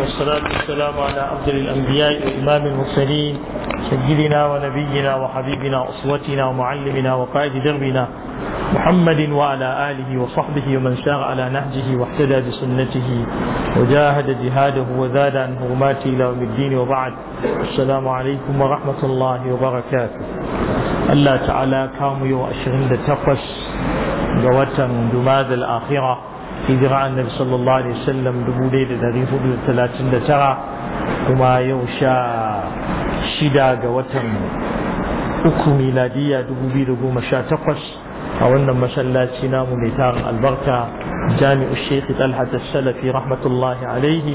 والصلاة والسلام على أفضل الأنبياء وإمام المرسلين سيدنا ونبينا وحبيبنا أسوتنا ومعلمنا وقائد دربنا محمد وعلى آله وصحبه ومن سار على نهجه واهتدى بسنته وجاهد جهاده وزاد عن حرماته إلى يوم الدين وبعد السلام عليكم ورحمة الله وبركاته Allah ta'ala kamu yau 28 ga watan Jumadal Akhira hijira annabi sallallahu alaihi wasallam 1439 kuma yau sha shida ga watan uku miladiya 2018 a wannan masallaci namu mai tarin albarka jami'u Sheikh Talhat Salafi rahmatullahi alaihi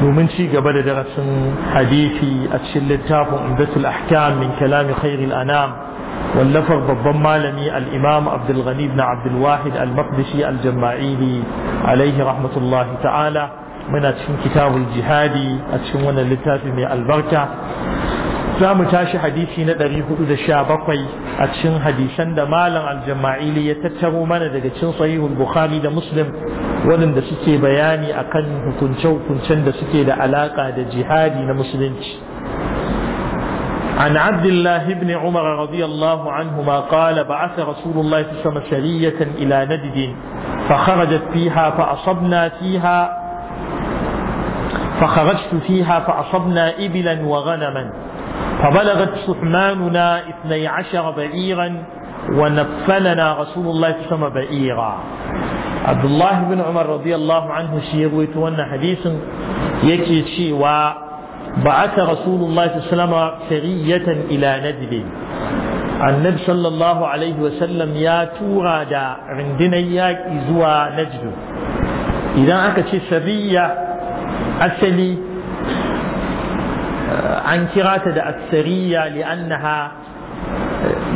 domin ci gaba da darasin hadisi a cikin littafin Umdatul Ahkam min kalami khairil anam wallafar babban malami al-Imam Abdul Ghani ibn Abdul Wahid al-Maqdisi al-Jama'ili alaihi rahmatullahi ta'ala muna cikin kitabul jihadi a cikin wannan littafi mai albarka za mu tashi hadisi na 417 a cikin hadisan da malam al ya tattaro mana daga cikin sahihul Bukhari da Muslim waɗanda suke bayani akan hukunce-hukuncen da suke da alaƙa da jihadi na musulunci عن عبد الله بن عمر رضي الله عنهما قال بعث رسول الله صلى الله عليه وسلم سرية إلى ندد فخرجت فيها فأصبنا فيها فخرجت فيها فأصبنا إبلا وغنما فبلغت سحماننا اثني عشر بعيرا ونفلنا رسول الله صلى الله عليه وسلم بعيرا Abdullah bin Umar radiyallahu anhu shi ya rawaito wannan hadisin yake cewa ba'ata rasulullahi sallallahu alaihi wasallam sariyatan ila najd annabi sallallahu alaihi wasallam ya tura da rindinan yaki zuwa najd idan aka ce sariya asali eh, an kira ta da asariya li'annaha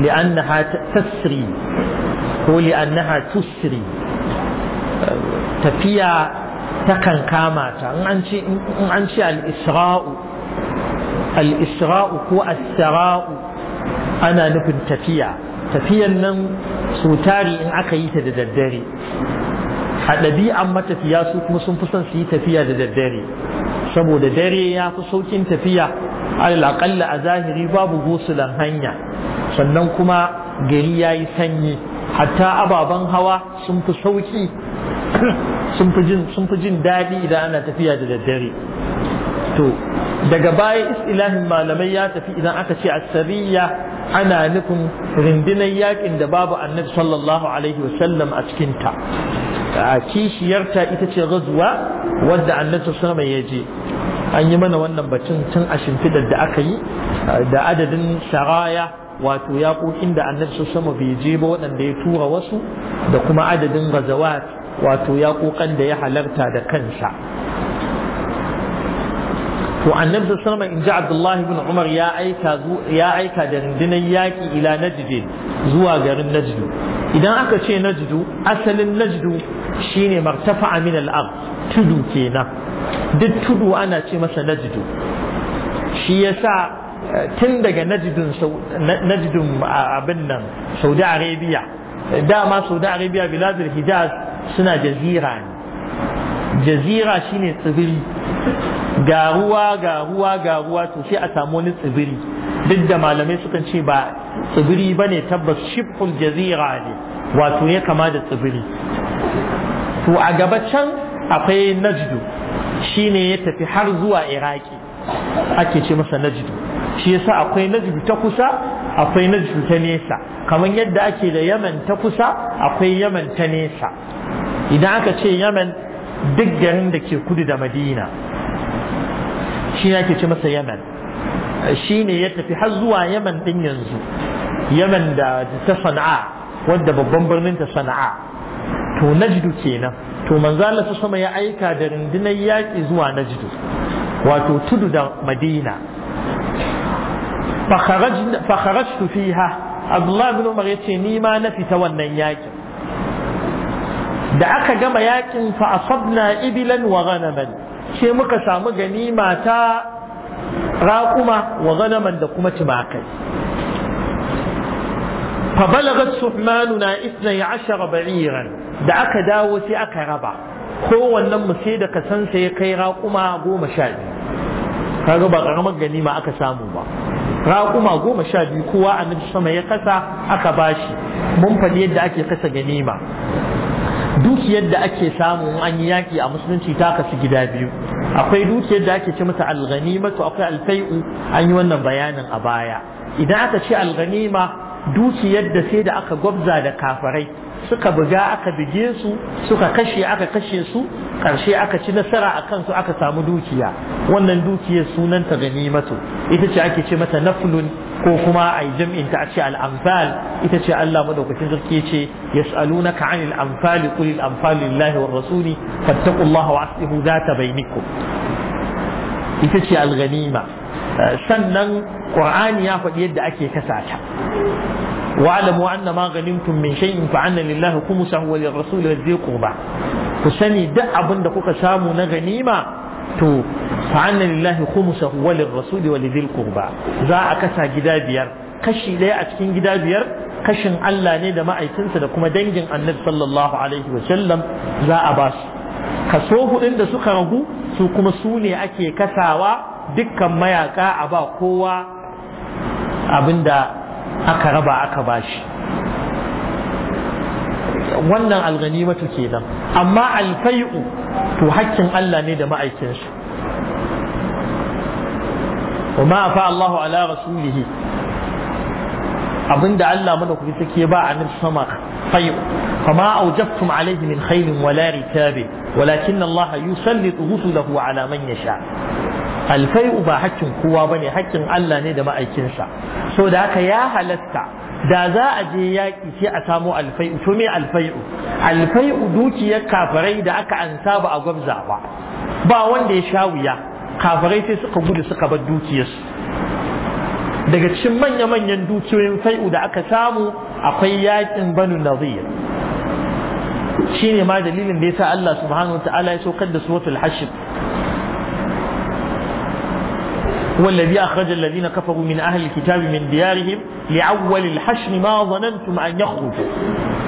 li'annaha ko li'annaha tusri tafiya takan kama ta in an ce al-isra'u al-isra'u ko as-sara'u ana nufin tafiya tafiyan nan sutari in aka yi ta da daddare a ɗabi'an matafiya su kuma sun fi son su yi tafiya da daddare saboda dare ya fi saukin tafiya alaƙalla a zahiri babu gosulan hanya sannan kuma gari ya yi sanyi hatta ababen hawa sun fi sauki sun fi jin daɗi idan ana tafiya da daddare to daga baya istilahin malamai ya tafi idan aka ce asariya ana nufin rindinar yakin da babu annabi sallallahu alaihi wasallam a cikinta a kishiyarta ita ce gazuwa wadda annabi sallallahu ya je an yi mana wannan batun cin a shimfidar da aka yi da adadin saraya wato yaƙoƙin da annabi sallallahu bai je ba waɗanda ya tura wasu da kuma adadin gazawat wato ya kokan da ya halarta da kansa to annabi sallallahu alaihi in ji abdullahi ibn umar ya aika ya aika da rundunar yaki ila najd zuwa garin najd idan aka ce najd asalin najd shine martafa'a min al-ard tudu kenan duk tudu ana ce masa najd shi yasa eh, tun daga najdin najdin abin nan saudi arabia eh, dama saudi arabia biladul hijaz suna jazira ne jazira shine tsibiri ga ruwa ga ruwa ga ruwa to sai a samu wani tsibiri duk da malamai sukan ce ba tsibiri ba ne tabbas shibhul jazira ne wato ya kama da tsibiri to a gaba can akwai najdu shine ya tafi har zuwa iraki ake ce masa najdu shi yasa akwai najdu ta kusa akwai najdu ta nesa kamar yadda ake da yaman ta kusa akwai yaman ta nesa idan aka ce yaman duk garin da ke kudu da madina shi ake ce masa yaman shi ne ya tafi har zuwa yaman din yanzu yaman da ta sana'a wadda babban birnin ta sana'a to najdu kenan to manzo Allah ta sama ya aika da rundunar yaƙi zuwa najdu wato tudu da madina fa kharajtu fiha Abdullah bin Umar yace ni ma na fita wannan yaƙin. da aka gama yakin fa asabna ibilan wa ghanaman sai muka samu ganima ta raƙuma wa ghanaman da kuma tumakai fa balagat na 12 ba'iran da aka dawo sai aka raba kowannen mu sai da kasansa ya kai raƙuma goma sha biyu kaga ba karamar ganima aka samu ba raƙuma goma sha biyu kowa a sama ya kasa aka bashi mun faɗi yadda ake kasa ganima dukiyar da ake samu an yi yaƙi a musulunci ta kasu gida biyu akwai dukiyar da ake ce mata alghanimatu akwai alfai'u an yi wannan bayanin a baya idan aka ce alghanima dukiyar da sai da aka gwabza da kafarai suka buga aka bige su suka kashe aka kashe su karshe aka ci nasara a kansu aka samu dukiya wannan dukiyar sunanta ganimatu ita ce ake ce mata naflun ko kuma a yi jam'inta a ce al'amfal ita ce Allah madaukakin sarki ya ce na anil amfali qul al lillahi war rasuli fattaqullaha wa aslihu zata bainakum ita ce al ganima sannan qur'ani ya faɗi yadda ake kasata. ta wa'lamu anna ma ghanimtum min shay'in fa anna lillahi khumsahu wa lirrasuli wa dhil qurba ku sani duk abin da kuka samu na ganima to fa anna lillahi khumsahu wa lirrasuli wa lidhil za a kasa gida biyar kashi ɗaya a cikin gida biyar kashin Allah ne da ma'aikinsa da kuma dangin annabi sallallahu alaihi wa sallam za a ba su kaso hudun da suka ragu su kuma su ne ake kasawa dukkan mayaƙa a ba kowa abinda aka raba aka bashi wannan alganimatu kenan amma alfai'u to hakkin Allah ne da ma'aikinsa وما أفاء الله على رسوله abinda Allah madaukaki take ba a nan sama fayu fama aujabtum alayhi min khayrin wala rikabi walakin Allah yusallitu rusulahu ala man yasha alfai'u ba hakkin kowa ba ne hakkin Allah ne da ma'aikinsa so da haka ya halatta da za a je yaƙi sai a samo alfai'u to me alfai'u alfai'u dukiyar kafirai da aka ansa ba a gwamza ba ba wanda ya sha wuya kafirai sai suka gudu suka bar dukiyarsu daga cikin manya-manyan dukiyoyin fai'u da aka samu akwai yaƙin banu nazir shine ma dalilin da sa Allah subhanahu wa ta'ala ya saukar da suratul hashim هو الذي أخرج الذين كفروا من أهل الكتاب من ديارهم لأول الحشر ما ظننتم أن يخرجوا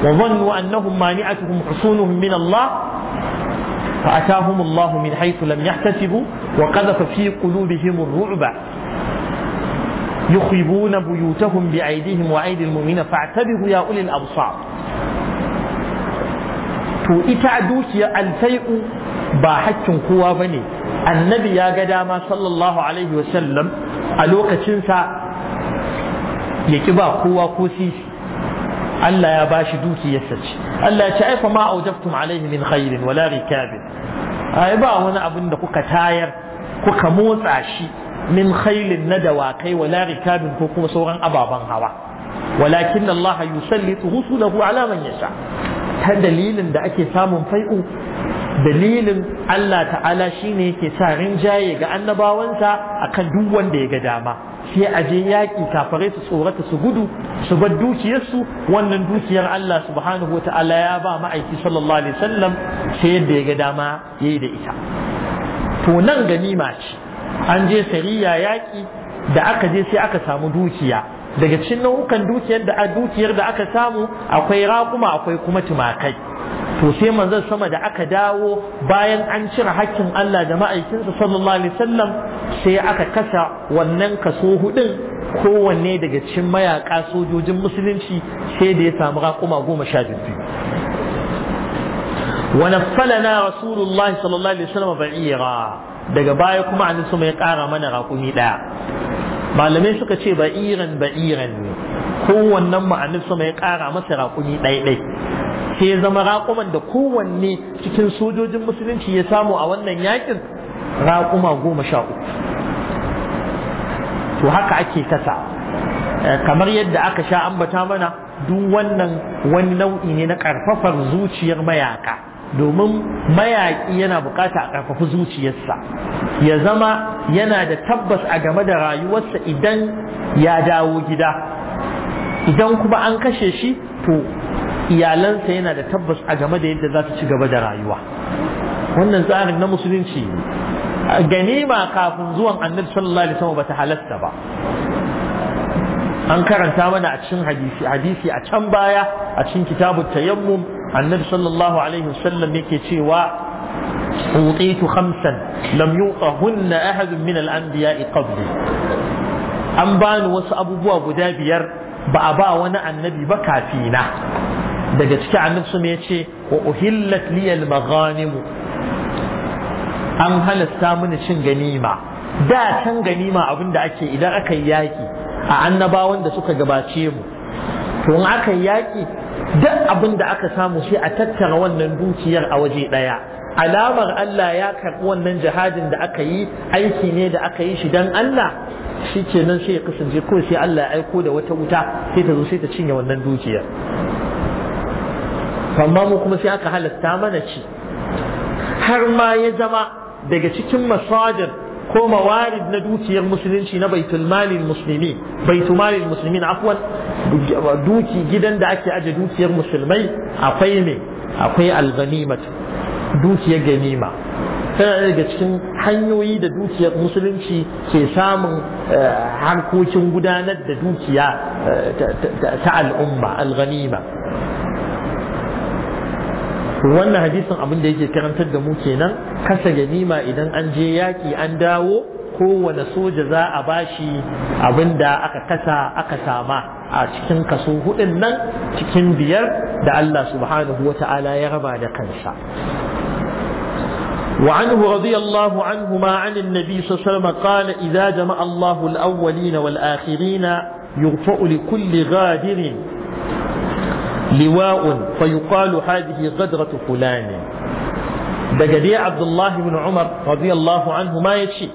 وظنوا أنهم مانعتهم حصونهم من الله فأتاهم الله من حيث لم يحتسبوا وقذف في قلوبهم الرعب يخربون بيوتهم بأيديهم وأيدي المؤمنين فاعتبروا يا أولي الأبصار تو إتعدوش يا alfai'u ba hakkin kowa annabi ya ga dama sallallahu alaihi wasallam a lokacinsa ya ki ba kowa ko sisi Allah ya bashi ya ce Allah ya ce ai fa ma aujabtum alaihi min khairin wala rikabin ai ba wani abin da kuka tayar kuka motsa shi min khailin na dawakai wala rikabin ko kuma sauran ababen hawa walakin Allah yusallitu rusulahu ala man yasha ta dalilin da ake samun fai'u dalilin Allah ta'ala shi ne yake sa rinjaye ga annabawansa akan duk wanda ya ga dama sai a je yaƙi kafare su tsorata su gudu su bar dukiyarsu wannan dukiyar Allah subhanahu wa ta'ala ya ba ma'aiki sallallahu alaihi wasallam sai yadda ya ga dama yayi da ita to nan ganima ce an je sariya yaƙi da aka je sai aka samu dukiya daga cikin nau'ukan dukiyar da dukiyar da aka samu akwai raƙuma akwai kuma tumakai to sai manzon sama da aka dawo bayan an cire hakkin Allah da ma'aikinsa sallallahu alaihi wasallam sai aka kasa wannan kaso hudun kowanne daga cikin mayaka sojojin musulunci sai da ya samu raƙuma goma sha biyu wa naffalana rasulullahi sallallahu alaihi wasallam ba'ira daga baya kuma annabi sama ya ƙara mana raƙumi ɗaya malamai suka ce ba'iran ba'iran ne kowannen ma'anin sama ya ƙara masa raƙumi ɗaiɗai sai ya zama raƙuman da kowanne cikin sojojin musulunci ya samu a wannan yakin raƙuma goma sha uku to haka ake kasa eh, kamar yadda aka sha ambata mana duk wannan wani nau'i ne na ƙarfafar zuciyar mayaka domin mayaƙi yana bukata a ƙarfafi zuciyarsa ya zama yana da tabbas a game da rayuwarsa idan ya dawo gida idan kuma an kashe shi to iyalansa yana da tabbas a game da yadda za ta ci gaba da rayuwa wannan tsarin na musulunci ganima kafin zuwan annabi sallallahu alaihi wasallam bata halatta ba an karanta mana a cikin hadisi hadisi a can baya a cikin kitabut tayammum annabi sallallahu alaihi wasallam yake cewa utitu khamsan lam yu'ahunna ahad min al-anbiya'i qabli an bani wasu abubuwa guda biyar ba a ba wani annabi ba kafina daga ciki annabi su ya ce wa uhillat liyal maghanim an halasta mini cin ganima da can ganima abinda ake idan aka yi yaki a annabawan da suka gabace mu to in aka yi yaki duk abin da aka samu shi a tattara wannan dukiyar a waje daya alamar Allah ya karɓi wannan jihadin da aka yi aiki ne da aka yi shi dan Allah shi kenan sai ya kasance ko sai Allah ya aiko da wata wuta sai ta zo sai ta cinye wannan dukiyar amma mu kuma sai aka halatta mana ci har ma ya zama daga cikin masadir ko mawarid na dukiyar musulunci na baitul malin musulmi baitul malin na afwan duki gidan da ake aje dukiyar musulmai akwai ne akwai alganimat dukiyar ganima tana daga cikin hanyoyi da dukiyar musulunci ke samun eh, harkokin gudanar da dukiya eh, ta al'umma alganima wannan hadisin abin da yake karantar da mu kenan kasa ganima idan an je yaƙi an dawo kowane soja za a bashi abin da aka kasa aka sama a cikin kaso hudun nan cikin biyar da Allah subhanahu wa ta'ala ya raba da kansa وعنه رضي الله عنهما عن النبي صلى الله عليه وسلم قال إذا جمع الله الأولين والآخرين يغفأ لكل غادر لواء فيقال هذه غدرة فلان دقدي عبد الله بن عمر رضي الله عنه ما يشي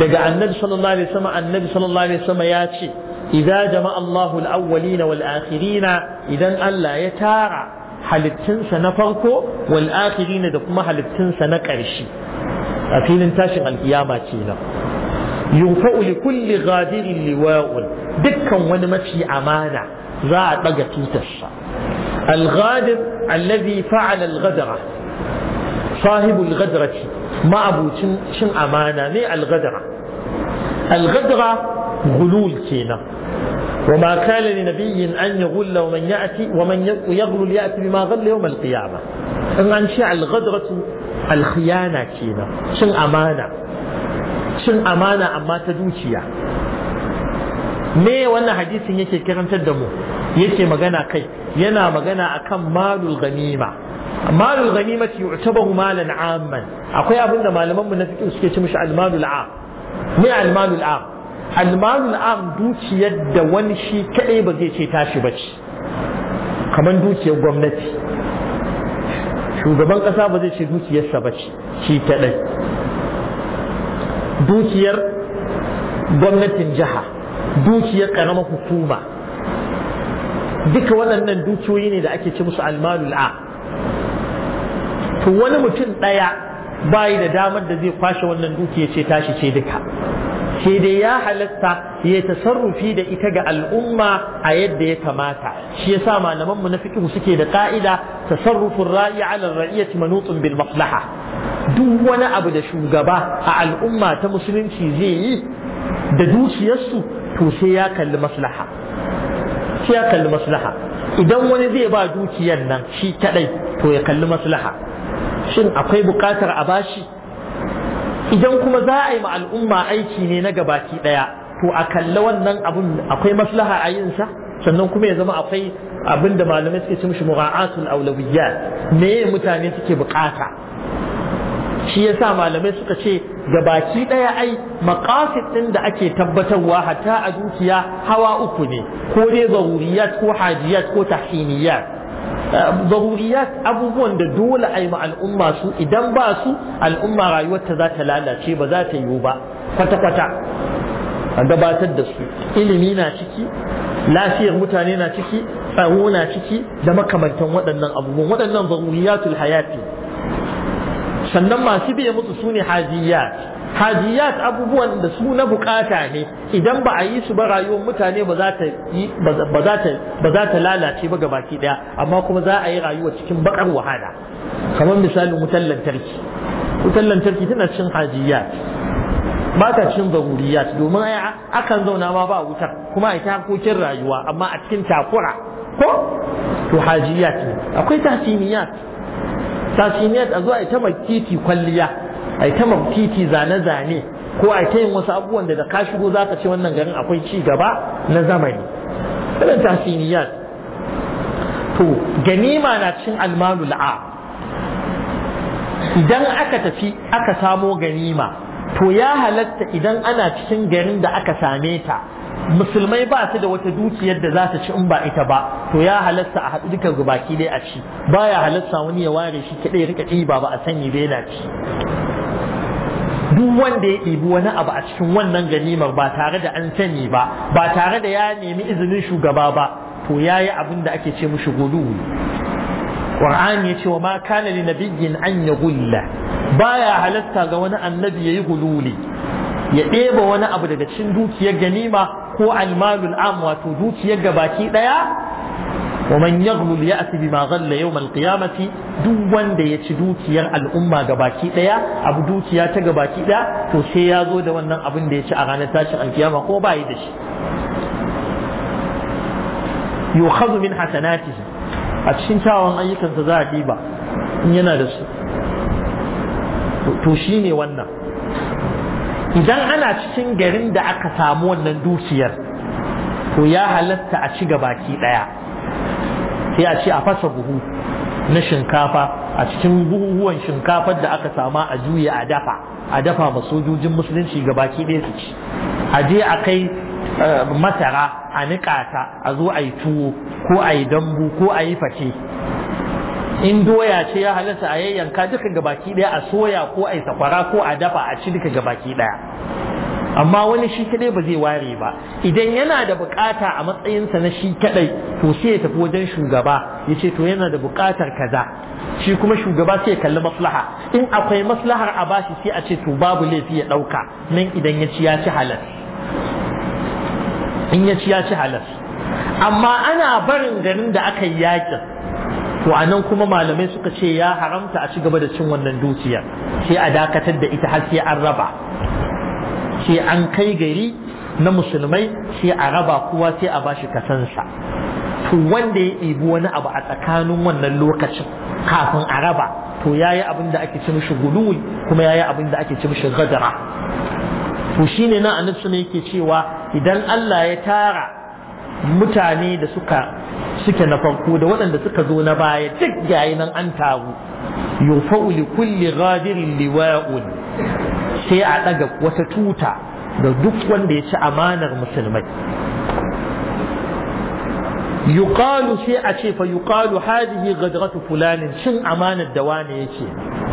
دق النبي صلى الله عليه وسلم النبي صلى الله عليه وسلم ياتشي إذا جمع الله الأولين والآخرين إذا ألا يتارى هل التنس نفرقه والآخرين دقما هل التنس نكرشي أكيد انتشر القيامة تينا يوفأ لكل غادر لواء دكا ونمشي أمانة ذا بقى توتشا الغادر الذي فعل الغدرة صاحب الغدرة ما أبو شن أمانة ني الغدرة الغدرة غلول كينا وما كان لنبي أن يغل ومن يأتي ومن يغلل يأتي بما غل يوم القيامة إن أنشاء الغدرة الخيانة كينا شن أمانة شن أمانة أما تدوشيا me وانا حديث يكي karantar تدمو yake magana kai yana magana akan malul ganima malul ganima ti yu'tabaru malan amman akwai abin da malaman mu na fiqh suke ce mishi almalul am me almalul am almalul am dukiyar da wani shi kadai ba zai ce tashi bace kamar dukiyar gwamnati shugaban kasa ba zai ce dukiyarsa bace shi kadai dukiyar gwamnatin jiha dukiyar karamar hukuma duka waɗannan dukiyoyi ne da ake ce musu almalul a to wani mutum ɗaya bayi da damar da zai kwashe wannan dukiya ce tashi ce duka sai dai ya halatta ya tasarrufi da ita ga al'umma a yadda ya kamata shi yasa malaman mu na fiqh suke da ka'ida tasarrufur rayi 'ala ar-ra'iyati manutun bil maslaha duk wani abu da shugaba a al'umma ta musulunci zai yi da dukiyarsu to sai ya kalli maslaha sai ya kalli maslaha idan wani zai ba dukiyar nan shi kadai to ya kalli maslaha shin akwai bukatar a bashi idan kuma za a yi ma al'umma aiki ne na gabaki daya to a kalla wannan abun akwai maslaha a yin sa sannan kuma ya zama akwai abin da malamai suke cin shi mura'atul aulawiyya me mutane suke bukata shi yasa malamai suka ce ga baki ɗaya ai makafi ɗin da ake tabbatarwa hatta a dukiya hawa uku ne ko dai zaruriyat ko hajiyat ko tahimiyat eh, zaruriyat abubuwan da dole a yi ma al'umma su idan ba su al'umma rayuwarta za ta lalace ba za ta yiwu ba kwata-kwata a gabatar da su ilimi na ciki lafiyar mutane na ciki tsaro na ciki da makamantan waɗannan abubuwan waɗannan zaruriyatul hayati sannan masu biye musu su ne hajiyat hajiyat abubuwan da su na bukata ne idan ba a yi su ba rayuwar mutane ba za ta lalace ba gabaki daya amma kuma za a yi rayuwa cikin bakar wahala kamar misalin wutar lantarki wutar lantarki tana cin hajiyat ba ta cin zaruriyat domin akan zauna ma ba wutar kuma a ta harkokin rayuwa amma a cikin takura ko to hajiyat ne akwai tahsiniyat sashimiyat a zo yi ita titi kwalliya a ita titi zane-zane ko a ta yin wasu abubuwan da ka shigo za ka ce wannan garin akwai ci gaba na zamani irin tasiriyat to ganima na cin almanu la'a idan aka tafi aka samo ganima to ya halatta idan ana cikin garin da aka same ta musulmai ba su da wata dukiyar da za ta ci in ba ita ba to ya halatta a haɗu dukan baki dai a ci baya halatta wani ya ware shi kaɗai rika ɗiba ba a sani bai na ci duk wanda ya ɗibi wani abu a cikin wannan ganimar ba tare da an sani ba ba tare da ya nemi izinin shugaba ba to ya yi abin da ake ce mushi gudu Qur'an ya ce wa ma kana li nabiyyin an ya gulla baya halatta ga wani annabi ya yi gululi ya ɗeba wani abu daga cikin dukiyar ganima ko almalul am wato dukiyar gabaki daya wa man yaghlul ya'ti bima ghalla yawm al-qiyamati duk wanda ya ci dukiyar al'umma gabaki daya abu dukiya ta gabaki daya to sai ya zo da wannan abin da ya ci a ranar tashin alkiyama ko ba yi da shi yukhadhu min hasanatihi a cikin kyawun ayyukansa za diba in yana da su to shine wannan idan ana cikin garin da aka samu wannan dukiyar to ya halatta a ci ki daya sai a ci a fasa buhu na shinkafa a cikin buhuhuwan shinkafar da aka samu a juya a dafa a dafa ma sojojin musulunci gabaki ɗaya su ci a je a kai eh, masara a niƙata a zo a yi tuwo ko a yi dambu ko a yi fate in doya ce ya halatta a yayyanka duka gabaki daya a soya ko a sakwara ko a dafa a ci duka gabaki daya amma wani shi kadai ba zai ware ba idan yana da bukata a matsayinsa na shi kadai to sai ya tafi wajen shugaba ya ce to yana da bukatar kaza shi kuma shugaba sai ya kalli maslaha in akwai maslahar a bashi sai a ce to babu laifi ya dauka nan idan ya ci ya ci halal in ya ci ya ci halal amma ana barin garin da aka yi yakin to a nan kuma malamai suka ce ya haramta a ci gaba da cin wannan dukiyar sai a dakatar da ita har sai an raba sai an kai gari na musulmai sai a raba kowa sai a bashi kasansa to wanda ya ɗibi wani abu a tsakanin wannan lokacin kafin a raba to ya yi abin da ake ci mishi guluwi kuma ya yi abin da ake ci mishi gadara to shine na annabi ne yake cewa idan Allah ya tara mutane da suka suke na farko da waɗanda suka zo na baya duk yayi nan an taru yufa'u li kulli ghadirin liwa'un sai a ɗaga wata tuta da duk wanda ya ci amanar musulmai yuqalu sai a ce fa yuqalu hadhihi ghadratu fulanin shin amanar da wane yake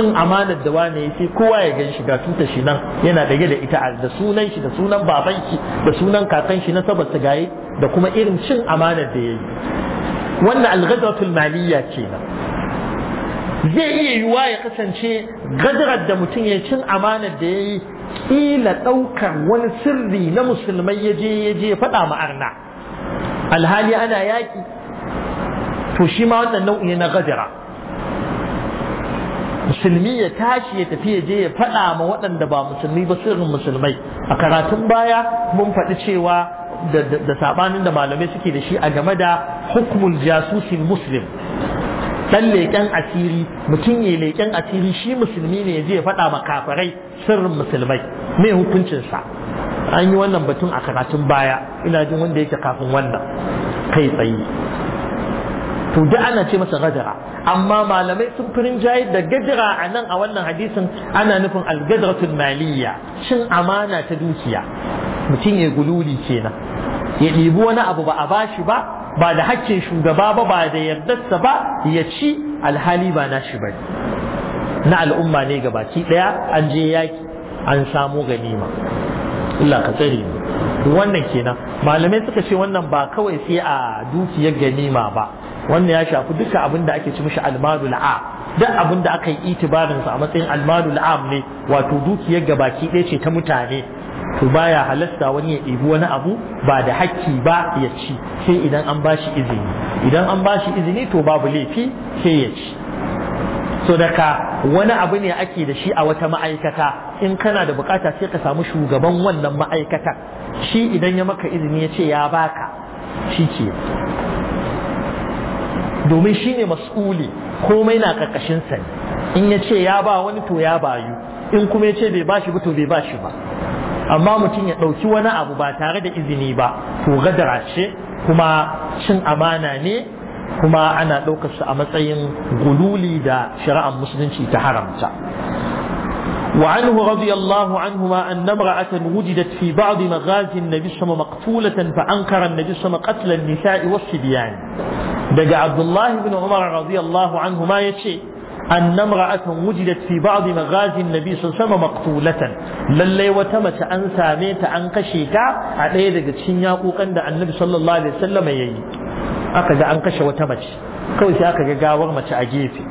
cin amanar da wane ya sai kowa ya gan shi ga tuta shi nan yana dage da ita da sunan shi da sunan baban shi da sunan kakan shi na sabar gaye da kuma irin cin amanar da ya yi wannan alghazwatul maliyya na. zai iya yiwuwa ya kasance gadarar da mutum ya cin amanar da ya yi kila ɗaukar wani sirri na musulmai ya je ya je faɗa ma'arna alhali ana yaƙi to shi ma wannan nau'i na gadara musulmi ya tashi ya tafi ya je ya faɗa ma waɗanda ba musulmi ba sirrin musulmai a karatun baya mun faɗi cewa da saɓanin da malamai suke da shi a game da hukumul jasusi muslim dan leƙen asiri mutum ya leƙen asiri shi musulmi ne ya je ya faɗa ma kafirai sirrin musulmai me hukuncinsa an yi wannan batun a karatun baya ina jin wanda yake kafin wannan kai tsaye to da ana ce masa gadara amma malamai sun fi jayi da gadara a nan a wannan hadisin ana nufin algadratul maliyya cin amana ta dukiya mutum ya gululi kenan ya ɗibi wani abu ba a bashi ba ba da haƙƙin shugaba ba ba da yardarsa ba ya ci alhali ba na shi bane na al'umma ne ga baki ɗaya an je yaki an samo ganima Allah ka tsare mu wannan kenan malamai suka ce wannan ba kawai sai a dukiyar ganima ba wannan ya shafi duka abin da ake ci mishi almalul a duk abin da aka yi itibarin sa a matsayin almalul am ne wato dukiyar baki ɗaya ce ta mutane to baya halasta wani ya ɗebi wani abu ba da hakki ba ya ci sai idan an bashi izini idan an bashi izini to babu laifi sai ya ci so daga wani abu ne ake da shi a wata ma'aikata in kana da bukata sai ka samu shugaban wannan ma'aikatan shi idan ya maka izini ya ce ya baka shi ke domin shi ne mas'uli komai na ƙarƙashin ne in ya ce ya ba wani to ya bayu in kuma ya ce bai ba shi ba to bai ba shi ba amma mutum ya ɗauki wani abu ba tare da izini ba to gadara ce kuma cin amana ne kuma ana ɗaukar su a matsayin gululi da shari'ar musulunci ta haramta وعنه رضي الله عنهما أن امرأة وجدت في بعض مغازي النبي صلى الله عليه وسلم مقتولة فأنكر النبي صلى الله عليه وسلم قتل النساء والصبيان daga abdullahi bin umar radiyallahu anhu ma ya ce an nan ra'atan wujidat fi ba'di magazin nabi sun sama maqtulatan lallai wata mace an same ta an kashe ta a ɗaya daga cikin yaƙukan da annabi sallallahu alaihi wasallam ya yi aka ga an kashe wata mace kawai sai aka ga gawar mace a gefe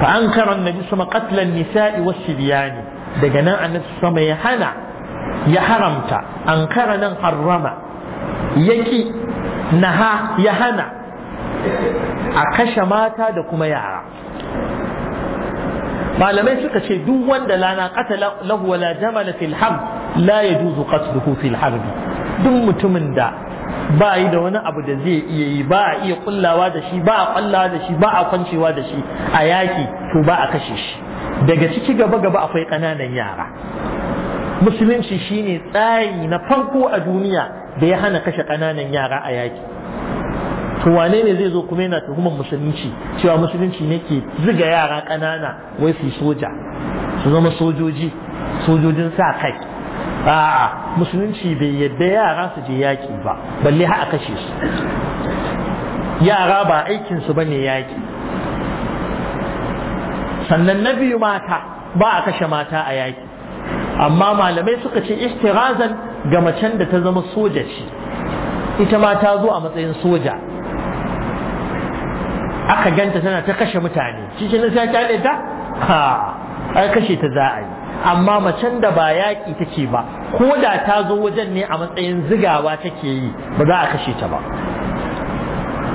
fa an kara annabi sama qatlan nisa'i was sibyani daga nan annabi sama ya hana ya haramta an kara nan harrama yaki naha ya hana a kashe mata da kuma yara malamai suka ce duk wanda lana kata lahu wala jamala fil harb la yajuzu qatluhu fil harb duk mutumin da ba yi da wani abu da zai iya yi ba a iya kullawa da shi ba a kwallawa da shi ba a kwancewa da shi a yaki to ba a kashe shi daga ciki gaba gaba akwai kananan yara musulunci shine tsayi na farko a duniya da ya hana kashe ƙananan yara a yaki to wane ne zai zo kuma yana tuhumar musulunci cewa musulunci ne ke ziga yara ƙanana wai su soja su zama sojoji sojojin sa kai a'a musulunci bai yadda yara su je yaki ba balle har a kashe su yara ba aikin su bane yaki sannan na biyu mata ba a kashe mata a yaki amma malamai suka ce ihtirazan ga macen da ta zama soja ce ita ma ta zo a matsayin soja aka ganta tana ta kashe mutane shi ke na sai ta ha ai kashe ta za a yi amma macen da ba yaƙi take ba ko da ta zo wajen ne a matsayin zigawa take yi ba za a kashe ta ba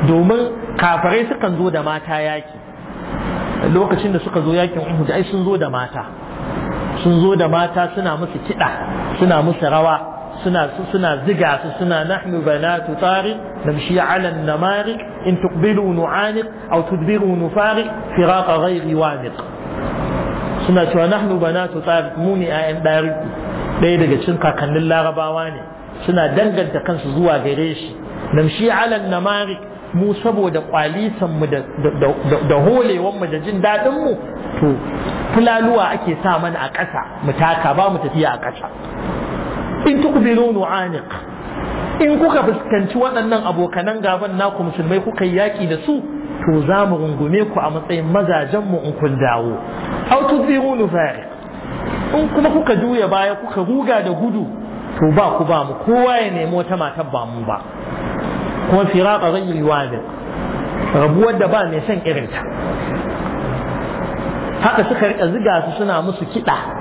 domin kafirai sukan zo da mata yaƙi lokacin da suka zo yakin Uhud ai sun zo da mata sun zo da mata suna musu kiɗa suna musu rawa suna suna ziga su suna nahnu banatu tariq namshi ala namariq in tuqbilu nu'aniq aw tudbiru nufariq firaqa ghayri wadiq suna cewa nahnu banatu tariq mu ne ayan dari dai daga cikin kakannin larabawa ne suna danganta kansu zuwa gare shi namshi ala namariq mu saboda kwalisan mu da da holewan mu da jin dadin mu to fulaluwa ake sa mana a ƙasa mu taka ba mu tafiya a ƙasa in tukbiru nu'aniq in kuka fuskanci waɗannan abokanan gaban naku musulmai kuka yi yaƙi da su to za mu rungume ku a matsayin mazajen mu in kun dawo aw tudbiru nufariq in kuma kuka juya baya kuka ruga da gudu to ba ku ba mu kowa ya nemi wata matar ba mu ba kuma firaqa ghayr waziq rabuwar da ba mai son irinta haka suka rika ziga su suna musu kiɗa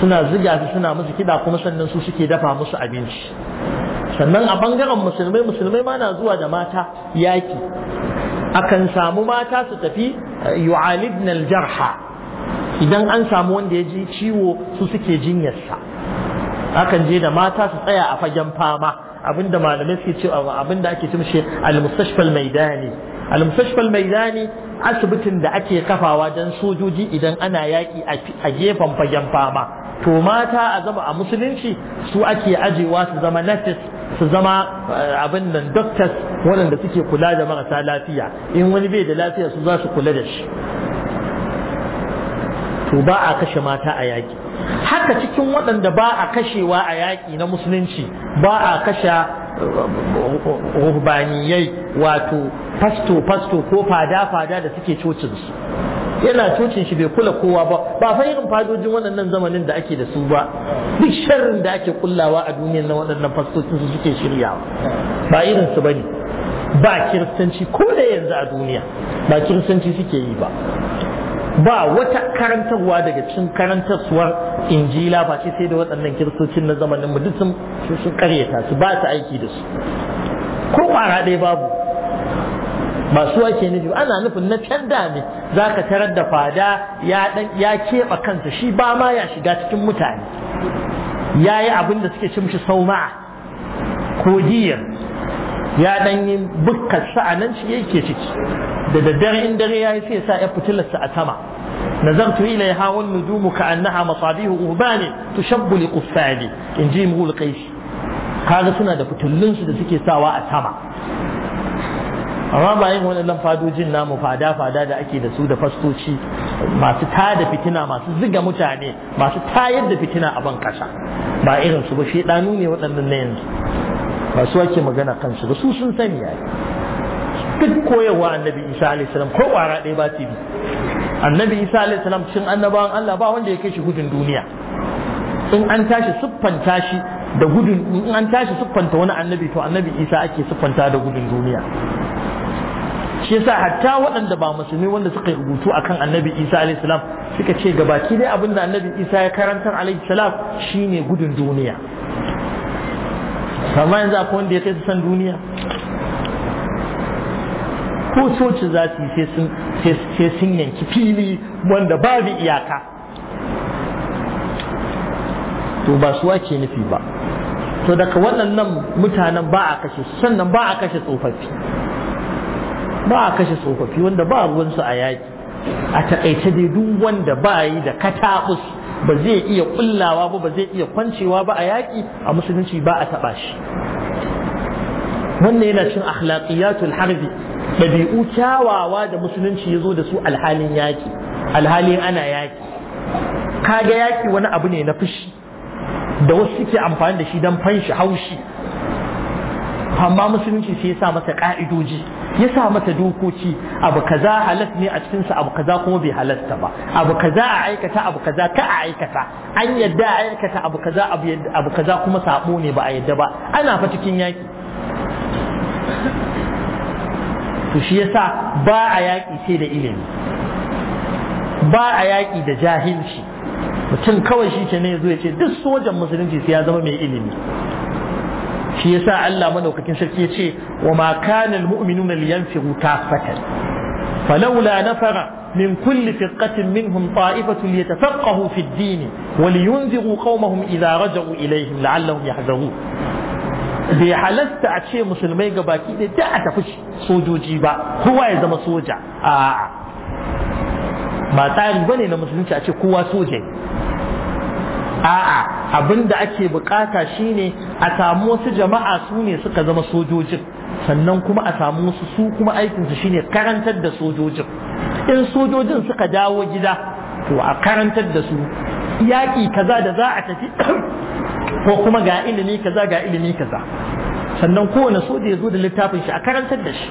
suna ziga su suna musu kiɗa kuma sannan su suke dafa musu abinci sannan a bangaren musulmai musulmai ma na zuwa da mata yaki akan samu mata su tafi eh, yu'alibna jarha idan an samu wanda ya ji ciwo su suke jinyarsa akan je da mata su tsaya a fagen fama abinda malamai suke cewa abinda ake cin shi al-mustashfal maidani al mai al-maidani asibitin da ake kafawa don sojoji idan ana yaƙi a gefen fagen fama to mata a zama a musulunci su ake ajewa su zama nurses su zama eh, abin nan doctors waɗanda suke kula da marasa lafiya in wani bai da lafiya su za kula da shi to ba a kashe mata a yaƙi haka cikin waɗanda ba kashewa a yaƙi na musulunci ba a kashe ruhbaniyai wato fasto fasto ko fada fada da suke cocin su yana cocin shi bai kula kowa ba ba fa irin fadojin waɗannan zamanin da ake da su ba duk sharrin da ake kullawa a duniyar na waɗannan fastocin su suke shiryawa ba irin su bane ba kiristanci ko da yanzu a duniya ba kiristanci suke yi ba ba wata karantarwa daga cikin karantarsuwar injila ba ce sai da waɗannan kiristocin na zamanin mu duk sun sun karyata su ba su aiki da su ko kwara ɗaya babu ba su ake nufi ana nufin na can da ne za ka tarar da fada ya keɓa kansa shi ba ma ya shiga cikin mutane ya yi abin da suke cimshi sauma'a ko diyar ya ɗan yi bukkar sa'anan shi yake ciki da daddare in dare ya yi sai sa ya fitilarsa a sama نظرت إليها والنجوم كأنها مصابيح غهبان تشب لقفال إن جيم هو قيس هذا سنة دا فتلن سنة سكي ساواء سما amma ba yin waɗannan fadojin namu fada fada da ake da su da fastoci masu tada fitina masu ziga mutane masu tayar da fitina a ban kasa ba irin su ba ɗanu ne waɗannan na yanzu ba su ake magana kansu ba su sun sani yayi duk koyarwa annabi isa alaihi salam ko ƙwara ɗaya ba su bi annabi isa alaihi salam cikin annabawan Allah ba wanda ya kai shi gudun duniya in an tashi siffanta shi da gudun in an tashi siffanta wani annabi to annabi isa ake siffanta da gudun duniya shi yasa hatta waɗanda ba musulmi wanda suka rubutu akan annabi isa alaihi salam suka ce gabaki dai abin da annabi isa ya karantar alaihi salam shine gudun duniya amma yanzu akwai wanda ya kai su san duniya ko soci za su yi sai sun sai sun yanki fili wanda babu iyaka to ba suwa ke nufi ba to daga waɗannan mutanen ba a kashe sannan ba a kashe tsofaffi ba a kashe tsofaffi wanda ba ruwansu a yaƙi a taƙaice dai duk wanda ba yi da kataɓus ba zai iya ƙullawa ba ba zai iya kwancewa ba a yaƙi a musulunci ba a taɓa shi wannan yana cin akhlaqiyatul harbi ɗabi'u kyawawa da musulunci ya zo da su alhalin yaki alhalin ana yaki kaga yaki wani abu ne na fushi da wasu suke amfani da shi don fanshi haushi amma musulunci sai ya sa masa ka'idoji ya sa masa dokoki abu kaza halas ne a cikinsa abu kaza kuma bai halasta ba abu kaza a aikata abu kaza ka a aikata an yadda a aikata abu kaza abu kaza kuma sabo ne ba a yadda ba ana fa cikin yaki to shi yasa ba a yaƙi sai da ilimi ba a yaƙi da jahilci mutum kawai shi ke ne ya ce duk sojan musulunci sai ya zama mai ilimi shi yasa Allah maɗaukacin sarki ya ce wa ma kana almu'minuna liyanfiru kaffatan na fara min kulli firqatin minhum ta'ifatun yatafaqahu fi ad-din wa liyunziru qaumahum idha raja'u ilayhim la'allahum yahzarun bai halasta a ce musulmai ga baki ɗaya da a tafi sojoji ba kowa ya zama soja a ba tsari ba ne na musulunci a ce kowa soja a'a abin da ake bukata shine a samu wasu jama'a su ne suka zama sojojin sannan kuma a samu wasu su kuma aikinsu shine karantar da sojojin in sojojin suka dawo gida to a karantar da su yaƙi kaza da za a tafi ko kuma ga ilimi kaza ga ilimi kaza sannan kowane so da ya zo da littafin shi a karantar da shi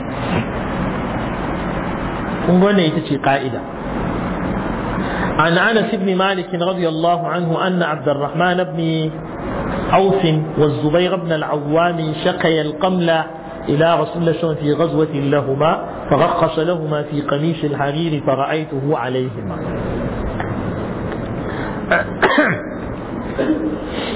kun wannan ita ce ka'ida عن انس بن مالك رضي الله عنه ان عبد الرحمن بن اوس والزبير بن العوام شقيا القمل الى رسول الله صلى في غزوه لهما فرخص لهما في قميص الحرير فرأيته عليهما